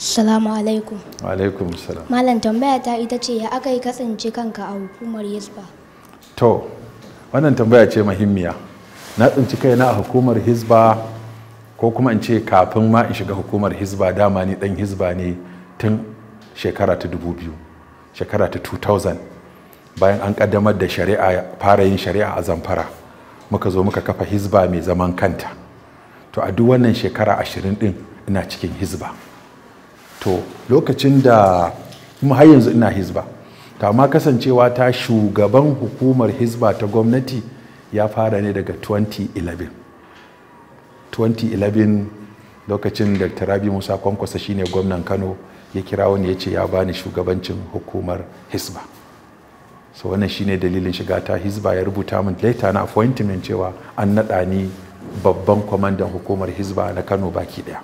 Assalamu alaikum. Wa alaikum salam. Malam tambaya ta ita ce ya aka yi kasance kanka a hukumar Hisba. To, wannan tambaya ce muhimmiya. Na tsinci kaina a hukumar Hisba ko kuma in ce kafin ma in shiga hukumar Hisba dama ni dan Hisba ne tun shekara ta 2000, shekara ta 2000 bayan an kaddamar da shari'a fara yin shari'a a Zamfara. Muka zo muka kafa Hisba mai zaman kanta. To a duk wannan shekara 20 din ina cikin Hisba. to lokacin da kuma har yanzu ina hizba to amma kasancewa ta shugaban hukumar hizba ta gwamnati ya fara ne daga 2011 2011 lokacin da Rabi musa kwankwasa shine gwamnan kano ya kira wani ya ce ya bani shugabancin hukumar hizba so wannan shine dalilin shiga ta hizba ya rubuta min leta na appointment cewa an naɗa ni babban kwamandan hukumar hizba na kano baki ɗaya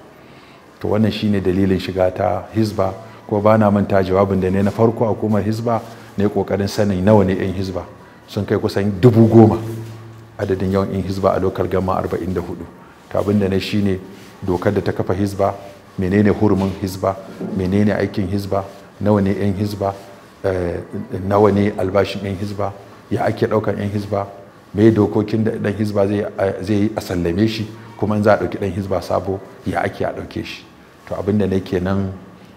to wannan shine dalilin shiga ta hizba ko ba na manta jawabin da ne na farko a hukumar hizba ne kokarin sanin nawa ne yan hizba sun kai kusan dubu goma adadin yawan yan hizba a lokar gama 44 to abin da ne shine dokar da ta kafa hizba menene hurumin hizba menene aikin hizba nawa ne yan hizba eh, nawa ne albashin yan hizba ya ake daukan yan hizba me dokokin da dan hizba zai yi a sallame shi kuma za a dauki dan hizba sabo ya ake a ɗauke shi to abin da na nan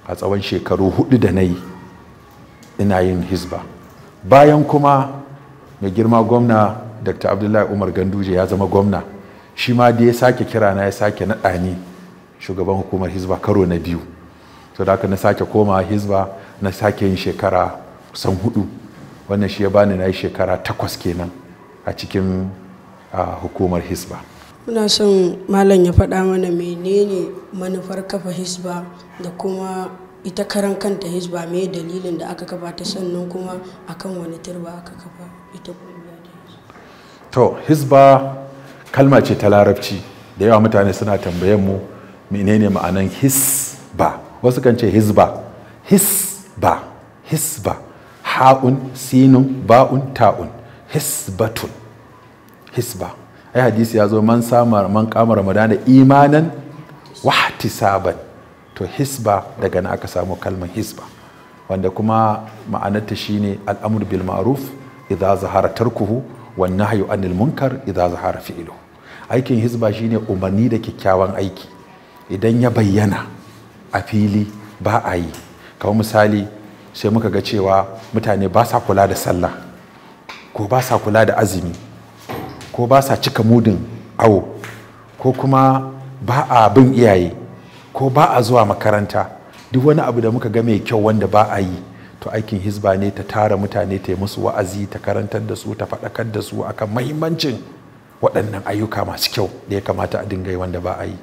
a tsawon shekaru hudu da na yi ina yin hisba. bayan kuma mai girma gwamna dr abdullahi umar ganduje ya zama gwamna shi ma da ya sake kira na ya sake naɗa ni shugaban hukumar hisba karo na biyu to da na sake koma hisba, na sake yin shekara kusan hudu wannan shi ya bani na yi shekara takwas kenan a cikin hukumar hisba. muna son malam ya faɗa mana menene manufar kafa hisba da kuma ita karan kanta hisba mai dalilin da aka kafa ta sannan kuma akan wani turba aka kafa ita kuma to hisba kalma ce ta larabci da yawa mutane suna tambayen mu menene ma'anan hisba wasu kan ce hisba hisba hisba ha'un sinun ba'un ta'un hisbatun hisba ai hadisi ya zo man sama man kama ramadana imanan wahtisaban to hisba daga na aka samu kalmar hisba wanda kuma ma'anarta shine al'amur bil ma'ruf idza zahara tarkuhu wan nahyu anil munkar idza zahara fi'lu aikin hisba shine umarni da kyakkyawan aiki idan ya bayyana a fili ba a yi kamar misali sai muka ga cewa mutane ba sa kula da sallah ko ba sa kula da azumi ko ba sa cika mudin awo ko kuma ba a bin iyaye ko ba a zuwa makaranta duk wani abu da muka ga mai kyau wanda ba a yi to aikin hizba ne ta tara mutane ta yi musu wa'azi ta karantar da su ta faɗakar da su akan mahimmancin waɗannan ayyuka masu kyau da ya kamata a dinga yi wanda ba a yi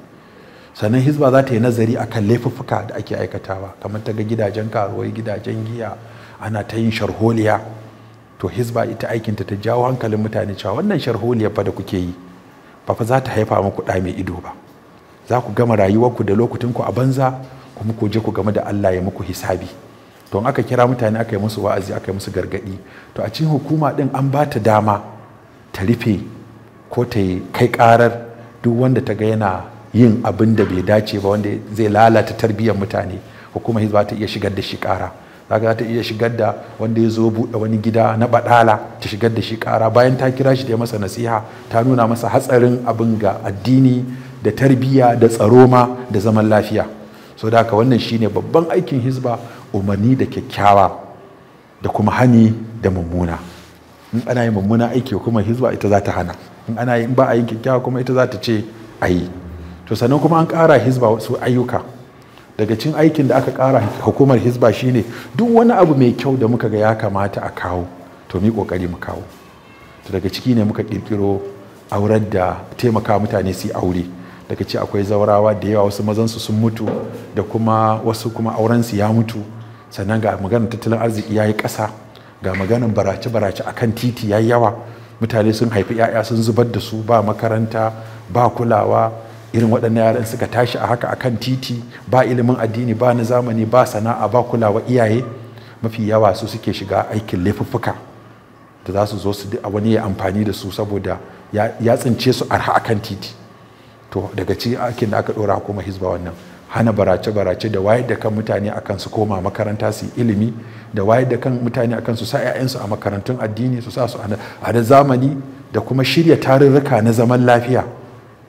sannan hizba za ta yi nazari akan laifuffuka da ake aikatawa kamar ta ga gidajen karuwai gidajen giya ana ta yin sharholiya to hizba ita aikinta ta jawo hankalin mutane cewa wannan sharholiyar fa da kuke yi ba fa za ta haifa muku ɗa mai ido ba za ku gama rayuwarku da lokutanku a banza kuma ku je ku game da Allah ya muku hisabi to aka kira mutane aka yi musu wa'azi aka yi musu gargaɗi, to a cikin hukuma ɗin an ba ta dama ta rufe ko ta kai karar duk wanda ta ga yana yin abin da bai dace ba wanda zai lalata tarbiyyar mutane hukuma hizba ta iya shigar da shi kara kaga ta iya shigar da wanda ya zo buɗe wani gida na badala ta shigar da shi kara bayan ta kira shi da masa nasiha ta nuna masa hatsarin abin ga addini da tarbiyya da tsaro ma da zaman lafiya so da haka wannan shine babban aikin hizba umarni da kyakkyawa da kuma hani da mummuna in ana yin mummuna aiki kuma hizba ita za ta hana in ana yin ba a yin kyakkyawa kuma ita za ta ce a yi to sannan kuma an kara hizba wasu ayyuka daga cin aikin da aka kara hukumar hisba shine duk wani abu mai kyau da muka ga ya kamata a kawo to mu kokari mu kawo to daga ciki ne muka kirkiro aurar da taimaka mutane su aure daga ci akwai zaurawa da yawa wasu mazan su sun mutu da kuma wasu kuma auren su ya mutu sannan ga maganar tattalin arziki yayi yi ƙasa ga maganar barace-barace a kan titi yayi yawa mutane sun haifi 'ya'ya sun zubar da su ba makaranta ba kulawa irin waɗannan yaran suka tashi a haka akan titi ba ilimin addini ba na zamani ba sana'a ba kulawa iyaye mafi yawa su suke shiga aikin laifuffuka da za su zo su a wani ya amfani da su saboda ya tsince su arha akan titi to daga cikin aikin da aka ɗora kuma hizba wannan hana barace-barace da wayar da kan mutane akan su koma makaranta su ilimi da wayar da kan mutane akan su sa 'ya'yansu a makarantun addini su sa su a zamani da kuma shirya tarurruka na zaman lafiya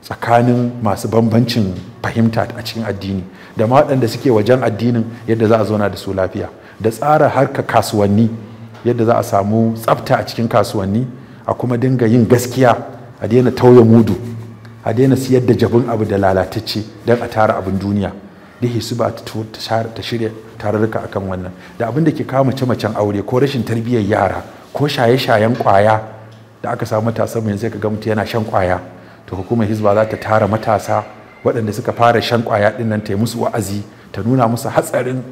tsakanin masu bambancin fahimta a cikin addini da ma waɗanda suke wajen addinin yadda za a zauna da su lafiya da tsara harka kasuwanni yadda za a samu tsafta a cikin kasuwanni a kuma dinga yin gaskiya a daina tauye mudu a daina siyar da jabin abu da lalatacce don a tara abin duniya da su ba ta shirya tararruka akan wannan da abin da ke kawo mace-macen aure ko rashin tarbiyyar yara ko shaye-shayen kwaya da aka samu matasa mai yanzu ka ga yana shan kwaya to hukumar hizba za ta tara matasa waɗanda suka fara shan kwaya ɗin nan ta yi musu wa'azi ta nuna musu hatsarin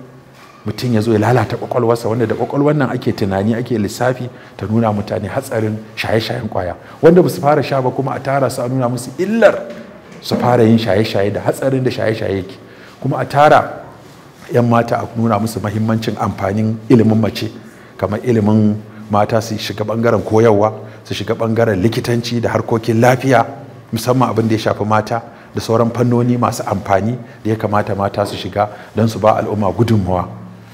mutum ya zo ya lalata kwakwalwarsa wanda da ƙwaƙwalwar nan ake tunani ake lissafi ta nuna mutane hatsarin shaye-shayen ƙwaya. wanda ba su fara sha ba kuma a tara su a nuna musu illar su fara yin shaye-shaye da hatsarin da shaye-shaye yake kuma a tara 'yan mata a nuna musu mahimmancin amfanin ilimin mace kamar ilimin mata su shiga bangaren koyarwa su shiga bangaren likitanci da harkokin lafiya musamman abin da ya shafi mata da sauran fannoni masu amfani da ya kamata mata su shiga don su ba al'umma gudunmawa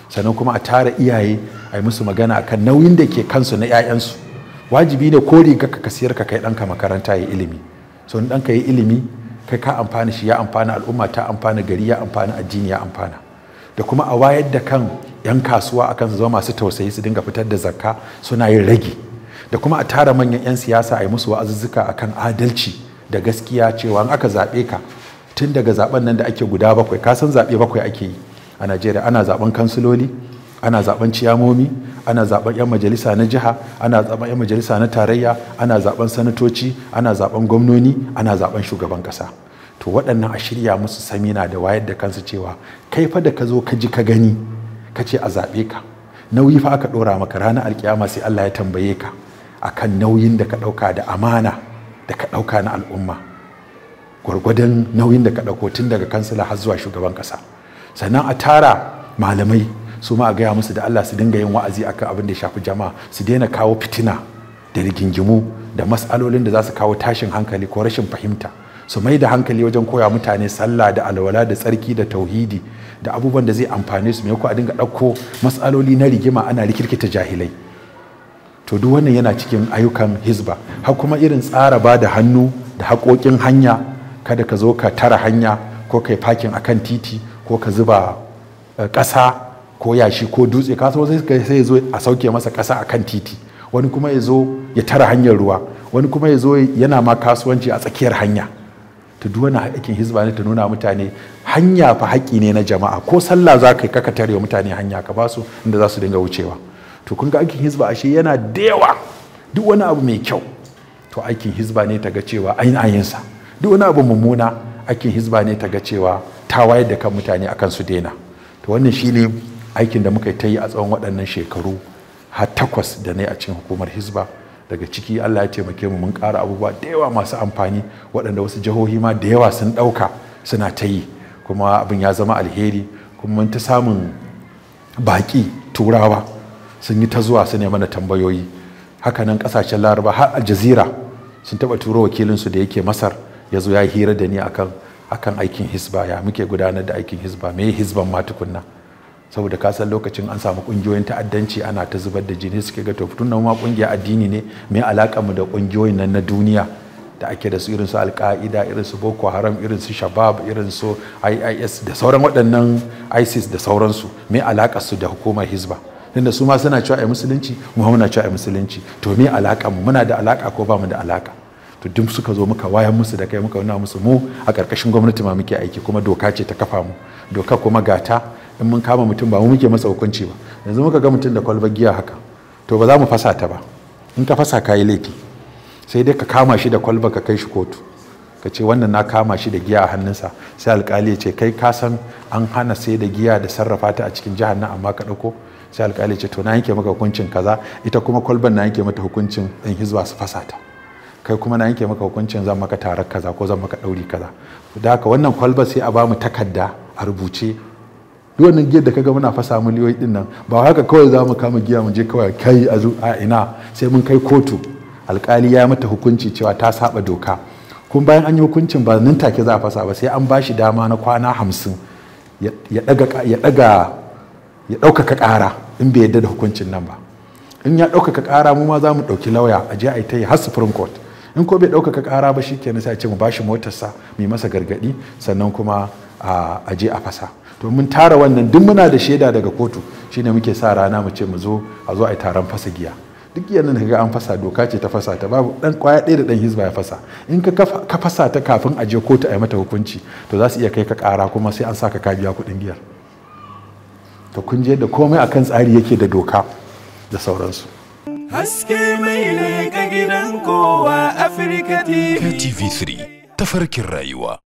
sannan kuma a tara iyaye a yi musu magana akan nauyin da ke kansu na 'ya'yansu wajibi ne ko riga ka kasiyar ka kai ɗanka makaranta ya ilimi so in ɗanka ya ilimi kai ka amfana shi ya amfana al'umma ta amfana gari ya amfana addini ya amfana da kuma a wayar da kan 'yan kasuwa akan su zama masu tausayi su dinga fitar da zakka suna yin rage da kuma a tara manyan 'yan siyasa a yi musu wa'azuzzuka akan adalci da gaskiya cewa in aka zaɓe ka tun daga zaɓen nan da ake guda bakwai kasan zaɓe bakwai ake yi a najeriya ana zaɓen kansiloli ana zaben ciyamomi ana zaben 'yan majalisa na jiha ana zaben 'yan majalisa na tarayya ana zaben sanatoci ana zaben gwamnoni ana zaɓen shugaban ƙasa. to waɗannan a shirya musu samina da wayar da kansu cewa kai fa da ka zo ka ji ka gani ka ce a zaɓe ka nauyi fa aka ɗora maka ranar alkiyama sai allah ya tambaye ka akan nauyin da ka ɗauka da amana da ka ɗauka na al'umma gwargwadon nauyin da ka ɗauko tun daga kansila har zuwa shugaban ƙasa sannan a tara malamai su ma a gaya musu da Allah su dinga yin wa'azi akan abin da ya shafi jama'a su daina kawo fitina da rigingimu da matsalolin da za su kawo tashin hankali ko rashin fahimta su mai da hankali wajen koya mutane sallah da alwala da tsarki da tauhidi da abubuwan da zai amfane su maimako a dinga ɗauko matsaloli na rigima ana rikirkita jahilai to duk wannan yana cikin ayyukan hizba har kuma irin tsara ba da hannu da haƙoƙin hanya kada ka zo ka tara hanya ko kai fakin akan titi ko ka zuba eh, ƙasa ko yashi ko dutse ka sai ya zo a sauke masa ƙasa akan titi wani kuma ya zo ya tara hanyar ruwa wani kuma ya zo yana ma kasuwanci a tsakiyar hanya ta duk wani haƙƙin hizba ne ta nuna mutane hanya fa haƙƙi ne na jama'a ko sallah za ka yi kaka tare mutane hanya ka ba su inda za su dinga wucewa to kun ga aikin hizba ashe yana da yawa duk wani abu mai kyau to aikin hizba ne ta ga cewa ainihin sa duk wani abu mummuna aikin hizba ne ta ga cewa ta wayar da kan mutane akan su daina to wannan shi ne aikin da muka ta yi a tsawon waɗannan shekaru har takwas da na yi a cikin hukumar hizba daga ciki allah ya taimake mu mun ƙara abubuwa da yawa masu amfani waɗanda wasu jihohi ma da yawa sun ɗauka suna ta yi kuma abin ya zama alheri kuma mun ta samun baƙi turawa sun yi ta zuwa su ne mana tambayoyi hakanan kasashen laraba har a jazira sun taba turo wakilinsu da yake masar ya zo ya yi hira da ni akan akan aikin hisba ya muke gudanar da aikin hisba me hisban ma tukunna saboda ka lokacin an samu kungiyoyin ta'addanci ana ta zubar da jini suke ga tofutun tunan ma kungiya addini ne me alaƙa mu da kungiyoyin nan na duniya da ake da su irin su alka'ida irin su boko haram irin su shabab irin su iis da sauran waɗannan isis da sauransu me alaƙar su da hukumar hisba inda su ma suna cewa ai musulunci mu muna cewa ai musulunci to me alaka mu muna da alaka ko ba mu da alaka to duk suka zo muka wayan musu da kai muka nuna musu mu a karkashin gwamnati ma muke aiki kuma doka ce ta kafa mu doka kuma gata in mun kama mutum ba mu muke masa hukunci ba yanzu muka ga mutum da kwalbar giya haka to ba za mu fasa ta ba in ka fasa kayi laifi sai dai ka kama shi da kwalba ka kai shi kotu ka ce wannan na kama shi da giya a hannunsa sai alkali ya ce kai ka san an hana sai da giya da sarrafa ta a cikin jihar nan amma ka ɗauko sai alkali ce to na yanke maka hukuncin kaza ita kuma kwalban na yanke mata hukuncin in hizba su fasata kai kuma na yanke maka hukuncin zan maka tarar kaza ko zan maka ɗauri kaza da haka wannan kwalba sai a ba mu takarda a rubuce duk wannan giyar da kaga muna fasa miliyoyi din nan ba haka kawai za mu kama giya mu je kawai kai a ina sai mun kai kotu alkali ya mata hukunci cewa ta saba doka kuma bayan an yi hukuncin ba nan take za a fasa ba sai an ba shi dama na kwana hamsin ya daga ya ɗaukaka ƙara in bai yadda da hukuncin nan ba in ya ɗaukaka ƙara mu ma za mu ɗauki lauya a je a yi ta yi har supreme court in ko bai ɗaukaka ƙara ba shi kenan sai a ce mu bashi motarsa mu yi masa gargaɗi sannan kuma a je a fasa to mun tara wannan duk muna da shaida daga kotu shine muke sa rana mu ce mu zo a zo a yi taron fasa giya duk yanzu ka ga an fasa doka ce ta fasa ta babu dan kwaya ɗaya da dan hizba ya fasa in ka ka fasa ta kafin a je kotu a yi mata hukunci to za su iya kai ka ƙara kuma sai an saka ka biya kuɗin giyar to kun je da komai a kan tsari yake da doka da sauransu haske mai ne ga gidan kowa afirka tv3 tafarkin rayuwa